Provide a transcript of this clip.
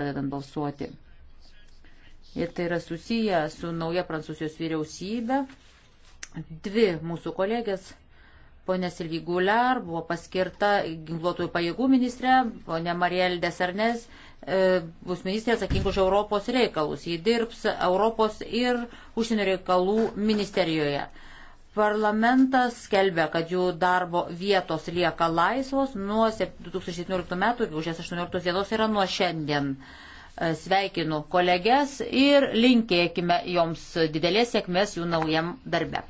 pradedant balsuoti. Ir tai yra susiję su nauja Prancūzijos vyriausybė. Dvi mūsų kolegės, ponė Silvi Gular, buvo paskirta ginkluotųjų pajėgų ministrė, ponė Marielle Desarnes e, bus ministrė atsakinga už Europos reikalus. Ji dirbs Europos ir užsienio reikalų ministerijoje. Parlamentas skelbia, kad jų darbo vietos lieka laisvos nuo 2017 metų iki 18 dienos yra nuo šiandien. E, sveikinu kolegės ir linkėkime joms didelės sėkmės jų naujam darbe.